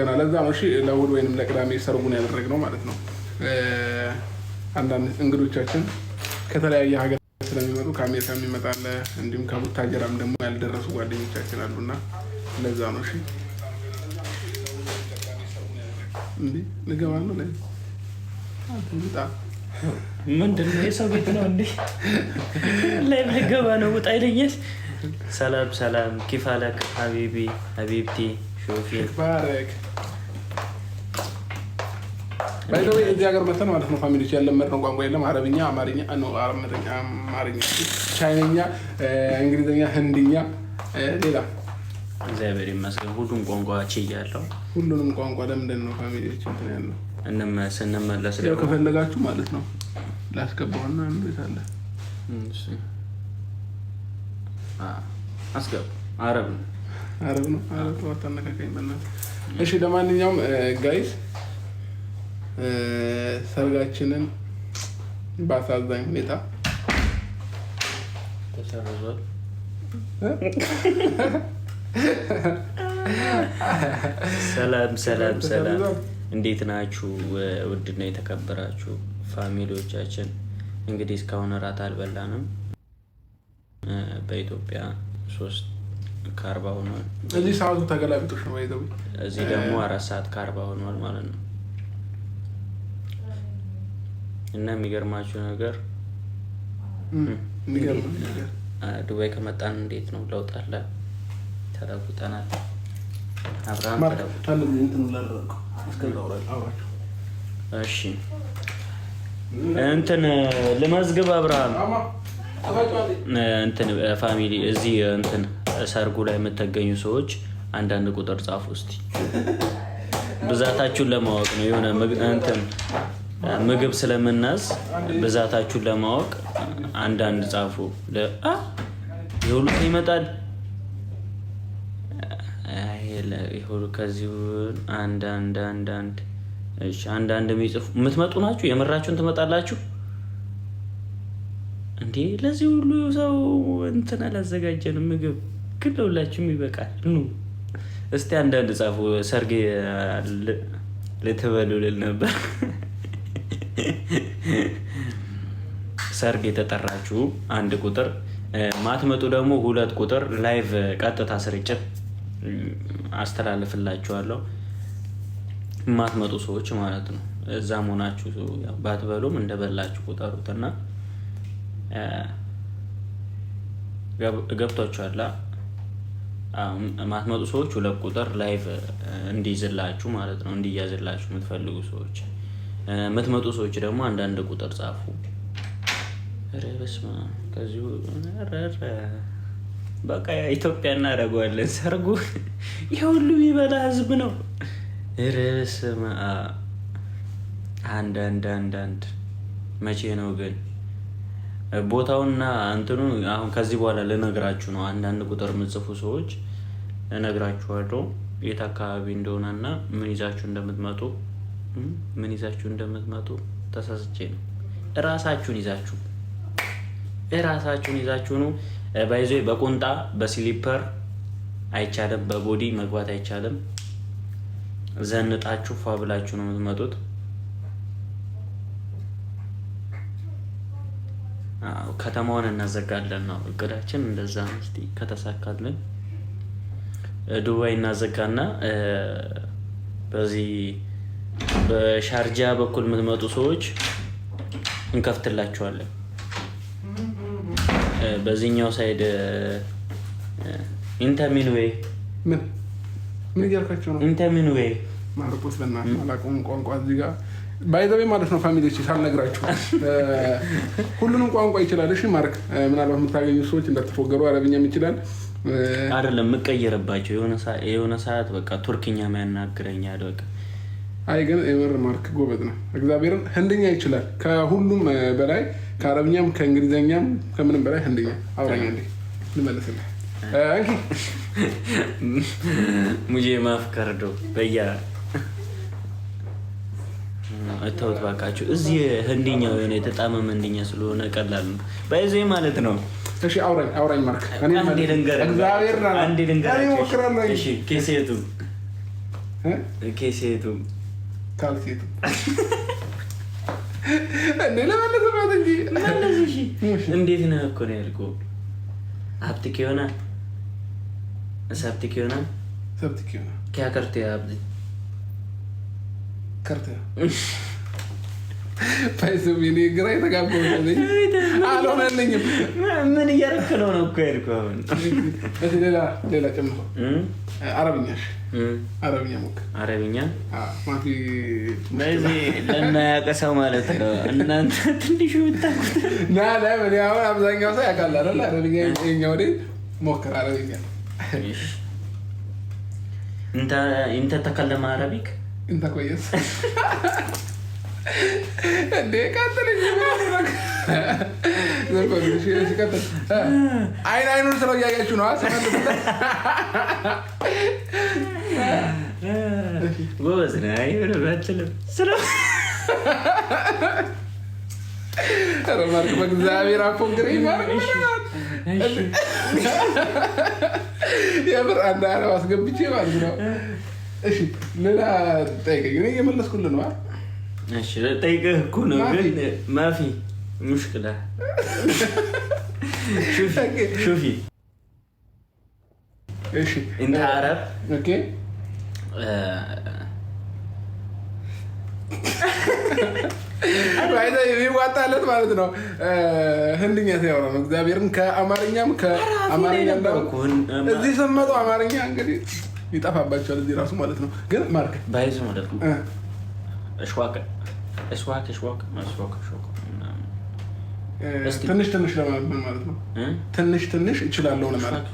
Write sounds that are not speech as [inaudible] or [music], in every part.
ገና ለዛ ነው እሺ፣ ለእሑድ ወይንም ለቅዳሜ ሰርጉን ያደረግነው ማለት ነው። አንዳንድ እንግዶቻችን ከተለያየ ሀገር ስለሚመጡ ከአሜሪካ የሚመጣለ እንዲሁም ከቡታጀራም ደግሞ ያልደረሱ ጓደኞቻችን አሉና ለዛ ነው እሺ። እንዴ ልገባ ነው ላይ ምንድን ነው የሰው ቤት ነው እንዲ ላይ ልገባ ነው ውጣ ይለኛል። ሰላም ሰላም፣ ኪፋለክ ሀቢቢ ሀቢብቲ ሼክ ባረክ ባይዘዌ እዚህ ሀገር መተን ማለት ነው ፋሚሊዎች ያለመድነው ቋንቋ የለም። አረብኛ፣ አማርኛ፣ አማርኛ፣ ቻይነኛ፣ እንግሊዝኛ፣ ህንድኛ፣ ሌላ እግዚአብሔር ይመስገን ሁሉም ቋንቋ ችያለሁ። ሁሉንም ቋንቋ ለምንድን ነው ፋሚሊዎች እንትን ያለው ስንመለስ ያው ከፈለጋችሁ ማለት ነው ላስገባውና እንቤታለ አስገቡ አረብ ነው አረብ ነው። አረብ አታነካካኝ በእናትህ። እሺ ለማንኛውም ጋይስ ሰርጋችንን በአሳዛኝ ሁኔታ ተሰርዟል። ሰላም ሰላም ሰላም፣ እንዴት ናችሁ? ውድና የተከበራችሁ ፋሚሊዎቻችን እንግዲህ እስካሁን እራት አልበላንም። በኢትዮጵያ ሶስት ከአርባ ሆኗል። እዚህ ሰዓቱ ተገላቢጦች ነው ይዘ እዚህ ደግሞ አራት ሰዓት ከአርባ ሆኗል ማለት ነው። እና የሚገርማችሁ ነገር ዱባይ ከመጣን እንዴት ነው ለውጥ አለ። ተለውጠናል። አብርሃም እሺ እንትን ልመዝግብ አብርሃም እንትን ፋሚሊ እዚህ እንትን ሰርጉ ላይ የምትገኙ ሰዎች አንዳንድ ቁጥር ጻፉ እስቲ ብዛታችሁን ለማወቅ ነው። የሆነ እንትን ምግብ ስለምናዝ ብዛታችሁን ለማወቅ አንዳንድ ጻፉ። የሁሉ ይመጣል ከዚሁ አንዳንድ አንዳንድ አንዳንድ የሚጽፉ የምትመጡ ናችሁ። የምራችሁን ትመጣላችሁ እንዴ ለዚህ ሁሉ ሰው እንትን አላዘጋጀንም። ምግብ ግን ለሁላችሁም ይበቃል። ኑ እስቲ አንዳንድ ጻፉ። ሰርግ ልትበሉ ልል ነበር። ሰርግ የተጠራችሁ አንድ ቁጥር ማትመጡ ደግሞ ሁለት ቁጥር ላይቭ ቀጥታ ስርጭት አስተላልፍላችኋለሁ። ማትመጡ ሰዎች ማለት ነው። እዛ መሆናችሁ ባትበሉም እንደበላችሁ ቁጠሩትና ገብቷችኋል። ማትመጡ ሰዎች ሁለት ቁጥር ላይቭ እንዲይዝላችሁ ማለት ነው፣ እንዲያዝላችሁ የምትፈልጉ ሰዎች የምትመጡ ሰዎች ደግሞ አንዳንድ ቁጥር ጻፉ። በቃ ኢትዮጵያ እናደርገዋለን። ሰርጉ የሁሉም ይበላ ህዝብ ነው። አንድ አንድ አንድ መቼ ነው ግን ቦታውና እንትኑ አሁን ከዚህ በኋላ ልነግራችሁ ነው። አንዳንድ ቁጥር ምጽፉ ሰዎች እነግራችኋለሁ የት አካባቢ እንደሆነና ምን ይዛችሁ እንደምትመጡ ምን ይዛችሁ እንደምትመጡ። ተሳስቼ ነው። እራሳችሁን ይዛችሁ እራሳችሁን ይዛችሁ ነው። ባይዞ በቁንጣ በስሊፐር አይቻልም፣ በቦዲ መግባት አይቻልም። ዘንጣችሁ ፏ ብላችሁ ነው የምትመጡት። ከተማውን እናዘጋለን ነው እቅዳችን። እንደዛ እስቲ ከተሳካልን ዱባይ እናዘጋና በዚህ በሻርጃ በኩል የምትመጡ ሰዎች እንከፍትላቸዋለን። በዚህኛው ሳይድ ኢንተሚን ወይ ምን እያልካቸው ነው? ኢንተሚን ወይ ማርቆስ ለናላቁም ቋንቋ እዚህ ጋር ባይዘቤ ማለት ነው ፋሚሊ ፋሚሊዎች ሳልነግራችሁ [laughs] uh, ሁሉንም ቋንቋ ይችላል። እሺ ማርክ፣ uh, ምናልባት የምታገኙ ሰዎች እንዳትፎገሩ፣ አረብኛም ይችላል uh, አይደለም የምቀየርባቸው የሆነ ሰዓት በቃ ቱርክኛ ያናግረኛል። ደቅ አይ ግን የምር ማርክ ጎበዝ ነው። እግዚአብሔርን ህንድኛ ይችላል ከሁሉም በላይ ከአረብኛም ከእንግሊዝኛም ከምንም በላይ ህንድኛ አውራኛ እንዴ ልመልስልህ [laughs] ሙጄ ማፍከርዶ በያ እተውት ባካችሁ። እዚህ ህንድኛው የሆነ የተጣመመ ህንዲኛ ስለሆነ ቀላል ነው ማለት ነው። እሺ አውራኝ አውራኝ ማርክ አንዴ ኬሴቱ ኬሴቱ ካልሴቱ እንጂ መለስ እንዴት ነው እኮ ነው ያልኩህ። ሀብትክ ይሆናል ሰብትክ ይሆናል ሰብትክ ይሆናል ኪያ ከርቴ ከርቴ ግራ የተጋባ አልሆነልኝም። ምን እያደረክ ነው? ነው እኮ ሌላ ሌላ አረብኛ አረብኛ ሰው ማለት ነው። እናንተ ትንሹ አብዛኛው ሰው አረብኛ ሞክር አረብኛ እንተ አረቢክ እንተ ቆየስ እንዴ ቀጥልኝ። አይን አይኑን ስለው እያያችሁ ነው። ጎበዝ ረማርክ በእግዚአብሔር አፎ እንግዲህ የምር አንድ አረብ አስገብቼ ማለት ነው። እሺ ሌላ ጠይቀኝ፣ እኔ እየመለስኩልህ ነው። ጠይቀህ እኮ ነው። ግን ማፊ ሙሽክላ ሹፊ እንደ አረብ [laughs] የሚዋጣለት ማለት ነው። ህንድኛ ሲያወራ ነው እግዚአብሔርን ከአማርኛም እዚህ ስመጡ አማርኛ እንግዲህ ይጠፋባቸዋል እዚህ ራሱ ማለት ነው። ግን ማርክ ባይዝ ማለት ነው እሽዋቀ እሽዋክ እሽዋክ እሽዋክ እሽዋክ ትንሽ ትንሽ ለማመን ማለት ነው። ትንሽ ትንሽ እችላለሁ ለማለት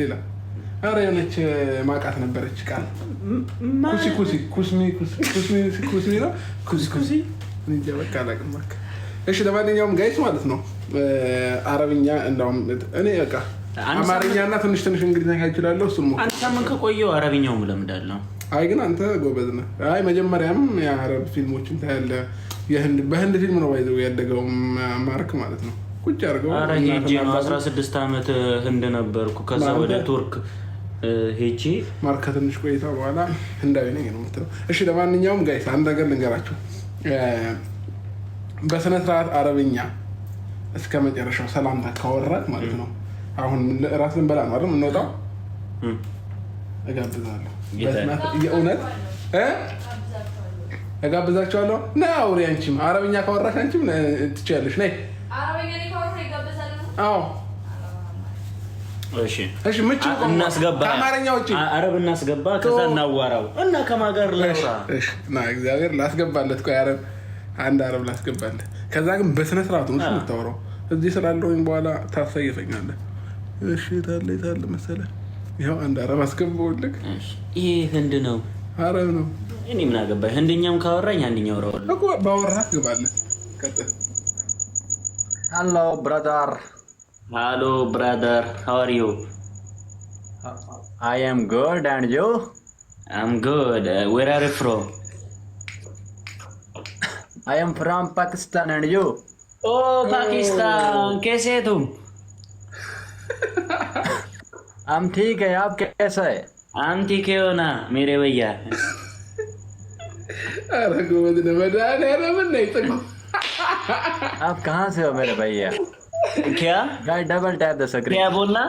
ሌላ አረ የሆነች ማውቃት ነበረች ቃል ኩሲ ኩሲ ኩስሚ ኩስሚ ነው እንጃ በቃ አላውቅም። እሺ ለማንኛውም ጋይስ ማለት ነው አረብኛ እንዳውም እኔ በቃ አማርኛና ትንሽ ትንሽ እንግሊዝኛ ይችላለሁ። እሱ አንድ ሳምንት ከቆየው አረብኛውም እለምዳለሁ። አይ ግን አንተ ጎበዝ ነህ። አይ መጀመሪያም የአረብ ፊልሞችን ታያለህ። በህንድ ፊልም ነው ባይዘው ያደገው ማርክ ማለት ነው። ቁጭ አድርገው ሄጄ ነው 16 ዓመት ህንድ ነበርኩ። ከዛ ወደ ቱርክ ሄጄ ማርክ ከትንሽ ቆይታ በኋላ ህንዳዊ ነኝ ነው የምትለው። እሺ ለማንኛውም ጋይስ አንድ ነገር ልንገራችሁ። በስነስርዓት አረብኛ እስከ መጨረሻው ሰላምታ ካወራት ማለት ነው አሁን እራት ልንበላ ነው አይደል? እንወጣው እጋብዛለሁ። የእውነት እጋብዛቸዋለሁ። ና አውሪ። አንቺም አረብኛ ካወራሽ አንቺም ትችያለሽ። ነይ። አዎ እሺ፣ ምቹ እናስገባ፣ ከአማርኛ ውጭ አረብ እናስገባ፣ ከዛ እናዋራው እና ከማገር ለራ እግዚአብሔር ላስገባለት፣ ቆይ አረብ አንድ አረብ ላስገባለት። ከዛ ግን በስነ ስርዓቱ ነው የምታወራው። እዚህ ስላለሁኝ በኋላ ታሳይፈኛለህ። እሺ ታለ ታለ መሰለ ያው አንድ አረብ አስገባውልክ። ይሄ ህንድ ነው አረብ ነው። እኔ ምን አገባኝ? ህንድኛም ካወራኝ አንድኛው አወራዋለሁ እኮ ባወራ ትገባለህ። ቀጥል። ሃሎ ብራዳር፣ ሃሎ ብራዳር፣ ሃው አር ዩ? አይ አም ጉድ አንድ ዩ? አም ጉድ ዌር አር ዩ ፍሮም? አይ አም ፍሮም ፓኪስታን አንድ ዩ? ኦ ፓኪስታን፣ कैसे हम ठीक है आप कैसा है हम ठीक है ना मेरे भैया तो आप कहाँ से हो मेरे भैया क्या गाइस डबल टैप दे सक्रिय क्या बोलना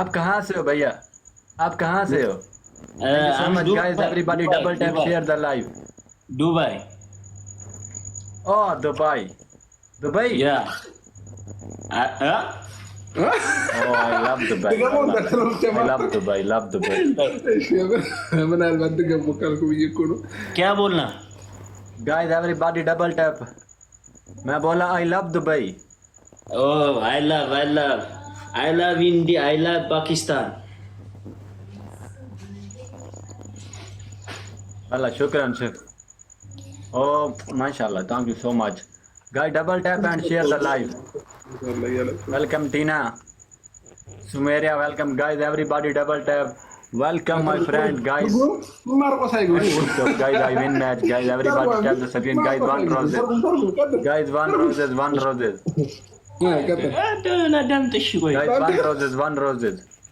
आप कहाँ से हो भैया आप कहाँ से हो guys everybody double tap share the live Dubai oh Dubai Dubai या oh, I love Dubai. [laughs] Oh, I love, I love Dubai. love Dubai. मैं नाल बंद कर मुकल को ये करो क्या बोलना गाइस एवरीबॉडी डबल टैप मैं बोला I love Dubai oh I love I love I love India I love Pakistan अल्लाह शुक्रान शेफ ओ माशाल्लाह thank you so much guys double tap and share the live Welcome, Tina. Sumeria, welcome, guys. Everybody, double tap. Welcome, my friend, guys. guys, I win match, guys. Everybody, tap the screen, guys. One roses, guys. One roses, one roses. Guys, one roses, one roses.